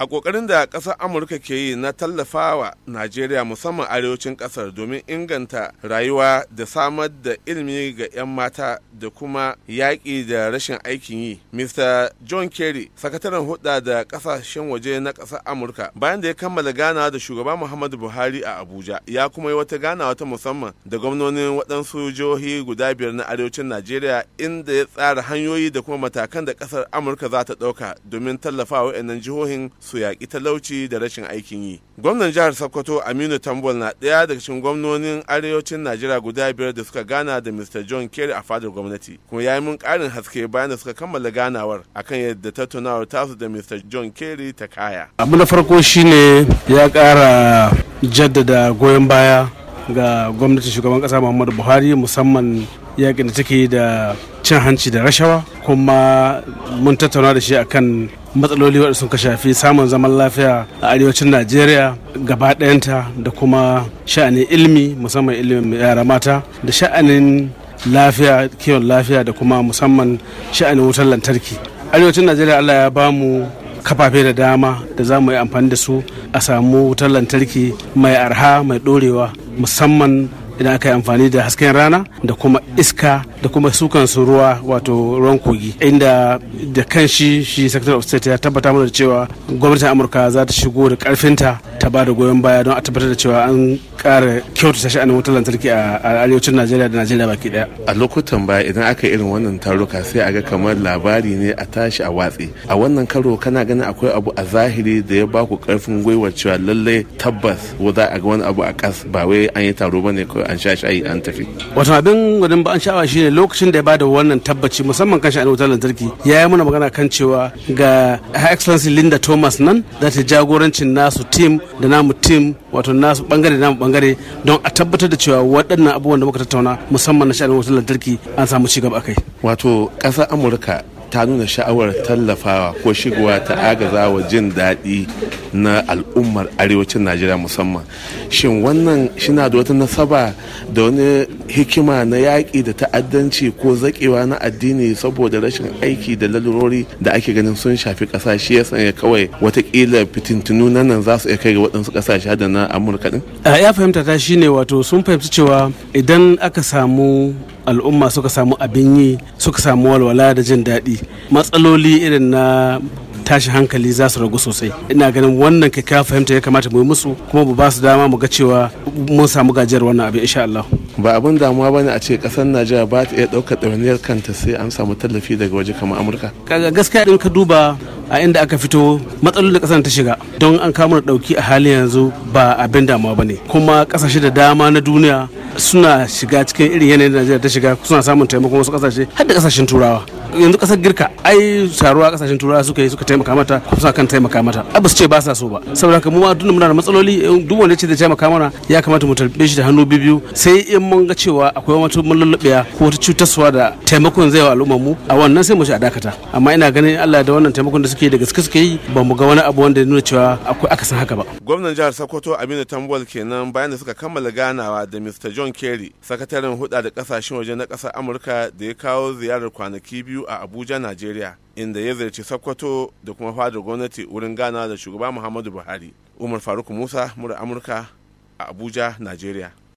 a kokarin da kasar amurka ke yi na tallafawa najeriya musamman arewacin kasar domin inganta rayuwa da samar da ilimi ga 'yan mata da kuma yaƙi da rashin aikin yi mr john kerry sakataren hudda da kasashen waje na kasar amurka bayan da ya kammala ganawa da shugaba muhammadu buhari a abuja ya kuma yi wata ganawa ta musamman da gwamnonin waɗansu jihohi guda biyar na arewacin najeriya inda ya tsara hanyoyi da kuma matakan da kasar amurka za ta ɗauka domin tallafawa 'yan jihohin su yaƙi talauci da rashin aikin yi gwamnan jihar sokoto aminu tambol na ɗaya daga cikin gwamnonin arewacin najeriya guda biyar da suka gana da mr john kerry a fadar gwamnati kuma ya yi mun ƙarin haske bayan da suka kammala ganawar kan yadda tattaunawar tasu da mr john kerry ta kaya abu na farko shine ya ƙara jaddada goyon baya ga gwamnatin shugaban ƙasa muhammadu buhari musamman yaƙin da take da cin hanci da rashawa kuma mun tattauna da shi a kan matsaloli waɗanda sun ka shafi samun zaman lafiya a arewacin najeriya gaba ɗayanta da kuma sha'anin ilimi musamman ilimin yara mata da sha'anin lafiya kiwon lafiya da kuma musamman sha'anin wutar lantarki arewacin najeriya allah ya ba mu kafafe da dama da za mu yi amfani da su a samu wutar lantarki mai arha mai ɗorewa musamman idan aka yi amfani da hasken rana da kuma iska da kuma su ruwa wato ruwan kogi inda da kan shi shi secretary of state ya tabbata mana da cewa gwamnatin amurka za ta shigo da karfinta ta ba da goyon baya don a tabbatar da cewa an kara kyautata sha'anin wutar lantarki a arewacin najeriya da najeriya baki daya a lokutan baya idan aka yi irin wannan taruka sai a ga kamar labari ne a tashi a watsi a wannan karo kana ganin akwai abu a zahiri da ya baku karfin gwiwa cewa lallai tabbas ko za a ga wani abu a kas ba wai an yi taro ne ko an sha shayi an tafi wato abin gudun ba an sha'awa shine lokacin da ya bada wannan tabbaci musamman kan sha'anin wutar lantarki ya yi mana magana kan cewa ga her excellency linda thomas nan za ta jagorancin nasu team da namu tim wato nasu bangare da namu bangare don a tabbatar da cewa waɗannan abubuwan da muka tattauna musamman na sha'anin wutar lantarki an samu cigaba kai wato ƙasar amurka ta nuna sha'awar tallafawa ko shigowa ta agazawa jin daɗi na al'ummar arewacin najeriya musamman shin wannan shina da wata nasaba da wani hikima na yaƙi da ta'addanci ko zaƙewa na addini saboda rashin aiki da lalurori da ake ganin sun shafi ƙasa shi ya sanya kawai watakila fitintunu na nan za su iya kai ga waɗansu ƙasashe da na amurka ɗin ya fahimta ta shine wato sun fahimci cewa idan aka samu al'umma suka samu abin yi suka samu walwala da jin daɗi matsaloli irin na tashi hankali za su ragu sosai ina ganin wannan kyakkyawa fahimta ya kamata mu yi musu kuma ba su dama mu ga cewa mun samu gajiyar wannan abin insha Allah ba abin damuwa ba ne a ce kasar Najeriya ba ta iya ɗaukar ɗawainiyar kanta sai an samu tallafi daga waje kamar Amurka kaga gaskiya din ka duba a inda aka fito matsalolin da kasar ta shiga don an kama da ɗauki a halin yanzu ba abin damuwa ba ne kuma ƙasashe da dama na duniya suna shiga cikin irin yanayin da Najeriya ta shiga suna samun taimakon wasu kasashe har da kasashen turawa yanzu kasar girka ai taruwa kasashen turawa suka yi suka taimaka mata suna kan taimaka mata abu su ce ba sa so ba saboda haka mu ma tunda muna da matsaloli eh, duk wanda ce da taimaka mana ya kamata mu tarbe shi da hannu biyu sai in mun ga cewa akwai wata mulluɓiya ko wata cutarwa da taimakon zai wa al'ummar mu a wannan sai mu shi a dakata amma ina ganin Allah da wannan taimakon da suke da gaske suke yi ba mu ga wani abu wanda ya nuna cewa akwai akasin haka ba gwamnan jihar Sokoto Aminu Tambol kenan bayan da suka kammala ganawa da Mr. john kerry sakataren huda da kasashen waje na ƙasar amurka da ya kawo ziyarar kwanaki biyu a abuja najeriya inda ya ziyarci sokoto da kuma fadar gwamnati wurin gana da shugaba muhammadu buhari umar faruk musa mura amurka a abuja najeriya